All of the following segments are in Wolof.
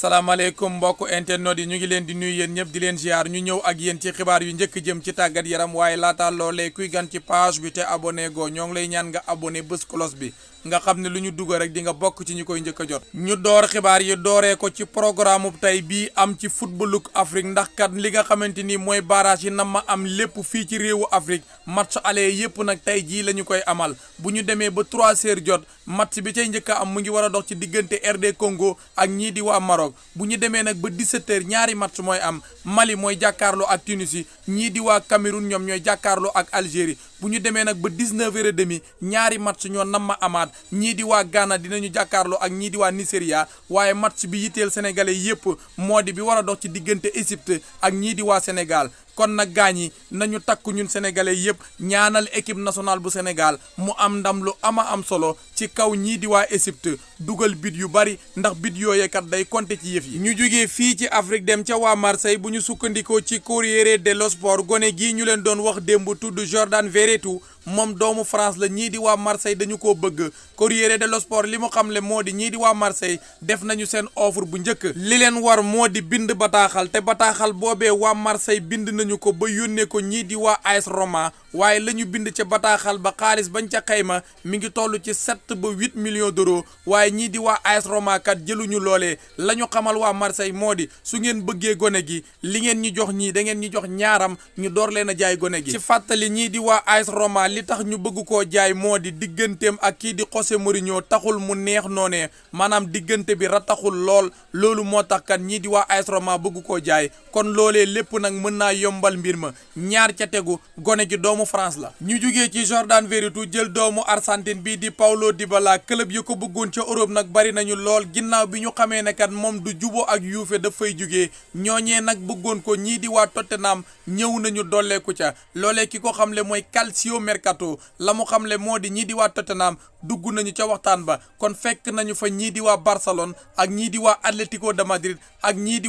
salaamaaleykum mbokk internet yi ñu ngi leen di nuy yéen ñëpp di leen ziar ñu ñëw ak yéen ci xibaar yu njëkk jëm ci tàggat yaram waaye laata loolee kuy gan ci page bi te abonné goo ñoo ngi lay ñaan nga abonné bés cloche bi nga xam ne lu ñu dugg rek di nga bokk ci ñu koy njëkk a jot ñu door xibaar yi dooree ko ci programme tey bii am ci footballu Afrique ndax kat li nga xamante ni mooy barrage yi na ma am lépp fii ci réewu Afrique match aller yépp nag tey jii la ñu koy amal bu ñu demee ba 3 heures jot match bi cay njëkk am mu ngi war a dox ci diggante RD Congo ak ñii di waa Maroc bu ñu demee nag ba 17 ñaari match mooy am Mali mooy jàkkaarloo ak Tunisie ñii di waa ñoom ñooy jàkkaarloo ak Algérie bu ñu demee nag ba 19 heures et demi ñaari match ñoo nam ma amaat ñii di waa Ghana dinañu jàkkaarloo ak ñii di waa Nigeria waaye match bi yitteel sénégalais yépp moo di bi war a dox ci diggante Égypte ak ñii di waa Sénégal kon nag gaañ yi nañu takk ñun sénégalais yëpp ñaanal équipe nationale bu Sénégal mu am ndam lu ama am solo ci kaw ñii di waa Égypte dugal bit yu bari ndax bit yooyee kat day compter ci yëf yi. ñu jugee fii ci Afrique dem ca waa Marseille bu ñu sukkandikoo ci Corriere dello Sport gone gii ñu leen doon wax démb tudd Jordan Verretou moom doomu France la ñii di waa Marseille dañu ko bëgg Corriere de Sport li mu xamle moo di ñii di waa Marseille def nañu seen offre bu njëkk li leen war moo di bind bataaxal te bataaxal boobee waa Marseille bind na nañu ko ba yónnee ko ñii di waa AS Roma waaye la ñu bind ca bataaxal ba xaalis bañ ca xayma mi ngi toll ci sept ba huit millions d'euros waaye ñii di waa AS Roma kat jëluñu loolee la ñu xamal waa Marseille moo di su ngeen bëggee gone gi li ngeen ñi jox ñii da ngeen ñu jox ñaaram ñu door leen a jaay gone gi. ci fàttali ñii di waa AS Roma li tax ñu bëgg koo jaay moo di digganteem ak kii di José Mourinho taxul mu neex noone maanaam diggante bi rataxul lool loolu moo tax ñii di waa AS Roma koo jaay yombal mbir ma ñaar ca tegu gone gi doomu France la ñu jugee ci Jordan Veretout jël doomu Argentine bii di Paulo Dybala club yi ko bëggoon ca Europe nag bari nañu lool ginnaaw bi ñu xamee ne kat moom du juboo ak Juve daf fay jugee ñooñee nag bëggoon ko ñii di waa Tottenham ñëw nañu dolleeku ca loolee ki ko xamle mooy Calcio Mercato la mu xamle moo di ñii di waa Tottenham dugg nañu ca waxtaan ba kon fekk nañu fa ñii di waa Barcelone ak ñii di waa Atlético de Madrid ak ñii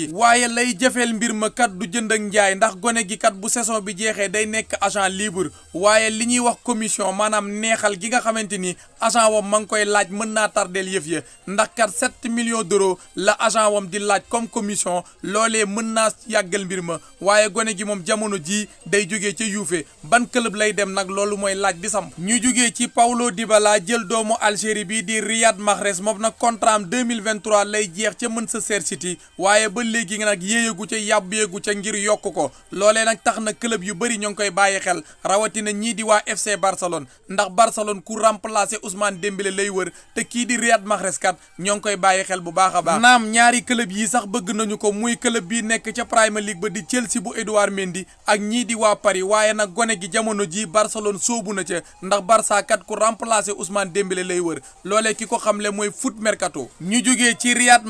gi waaye lay jafeel mbir ma kat du jënd ak njaay ndax gone gi kat bu saison bi jeexee day nekk agent libre waaye li ñuy wax commission maanaam neexal gi nga xamante ni agent wam ma ngi koy laaj mën naa tardeel yëf ya ndax kat 7 millions d'euros la agent wam di laaj comme commission loole mën naa yàggal mbir ma waaye gone gi moom jamono jii day jógee ca yuufe ban club lay dem nag loolu mooy laaj bi sam ñuy jógee ci pawlo di balaa jël doomu Algérie bii di Riyad Mahrez moom nag contrat am 2023 lay jeex ca Manchester City waaye ba léegi nga nag yéeyagu ca yàbbeegu ca ngir yokk ko loolee nag tax na club yu bëri ñoo ngi koy bàyyi xel rawatina ñii di waa FC Barcelone ndax Barcelone ku remplacer Ousmane Dembélé lay wër te kii di Riyad Mahrez kat ñoo ngi koy bàyyi xel bu baax a baax naam ñaari club yi sax bëgg nañu ko muy club bi nekk ca Premier League ba di Chelsea bu Edouard Mendy ak ñii di waa Paris waaye nag gone gi jamono ji Barcelone soobu na ca ndax Barça kat ku remplacer Ousmane Dembélé lay wër loolee ki ko xamle mooy foot mercato ñu jógee ci Riyad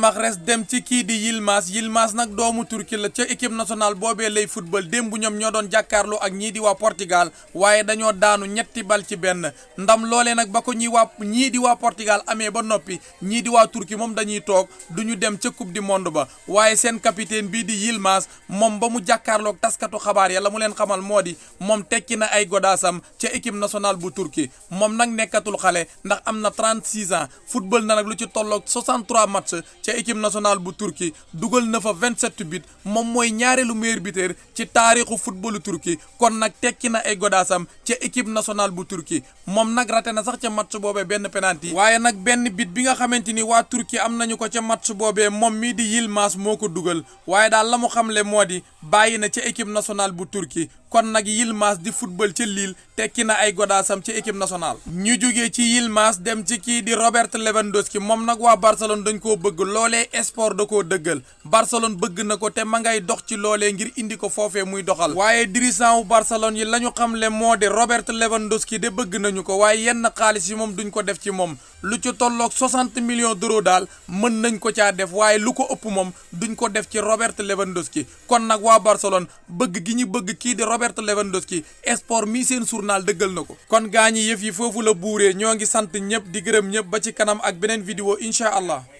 dem ci kii Yılmaz nag doomu Turki la ca équipe nationale boobee lay football démb ñoom ñoo doon jàkkaarloo ak ñii di waa Portugal waaye dañoo daanu ñetti bal ci benn ndam loole nag ba ko ñii waa ñii di waa Portugal amee ba noppi ñii di waa Turki moom dañuy toog du ñu dem ca coupe du monde ba waaye seen capitaine bii di Yilmaz moom ba mu jàkkaarloog taskatu xabaar ya la mu leen xamal moo di moom tekki na ay godaasam ca équipe national bu Turki moom nag nekkatul xale ndax am na 36 ans football na nag lu ci tolloog 63 match ca équipe nationale bu Turki na fa 27 but moom mooy ñaareelu meilleur buteur ci taarixu footballu Turquie kon nag tekki na ay godaasam ca équipe national bu Turquie moom nag raté na sax ca match boobee benn penalty waaye nag benn bit bi nga xamante ni waa Turquie am nañu ko ca match boobee moom mii di Yilmaz moo ko dugal waaye daal la mu xamle moo di bàyyi na ca équipe national bu Turquie kon nag Yilmaz di football ca Lille tekki na ay godaasam ci équipe national ñu jógee ci Yilmaz dem ci kii di Robert Lewandowski moom nag waa Barcelone dañ koo bëgg loolee sport da koo dëggal Barcelone bëgg na ko te ma ngay dox ci loolee ngir indi ko foofee muy doxal waaye dirigeant wu Barcelone yi la ñu xamle moo de Robert Lewandowski de bëgg nañu ko waaye yenn xaalis yi moom duñ ko def ci moom lu ci tolloog 60 millions d'euros daal mën nañ ko caa def waaye lu ko ëpp moom duñ ko def ci Robert Lewandowski kon nag waa Barcelone bëgg gi ñu bëgg kii di Robert Lewandowski sport mi seen journal dëggal na ko kon gaa ñi yëf yi foofu la buuree ñoo ngi sant ñëpp di gërëm ñëpp ba ci kanam ak beneen vidéo incha allah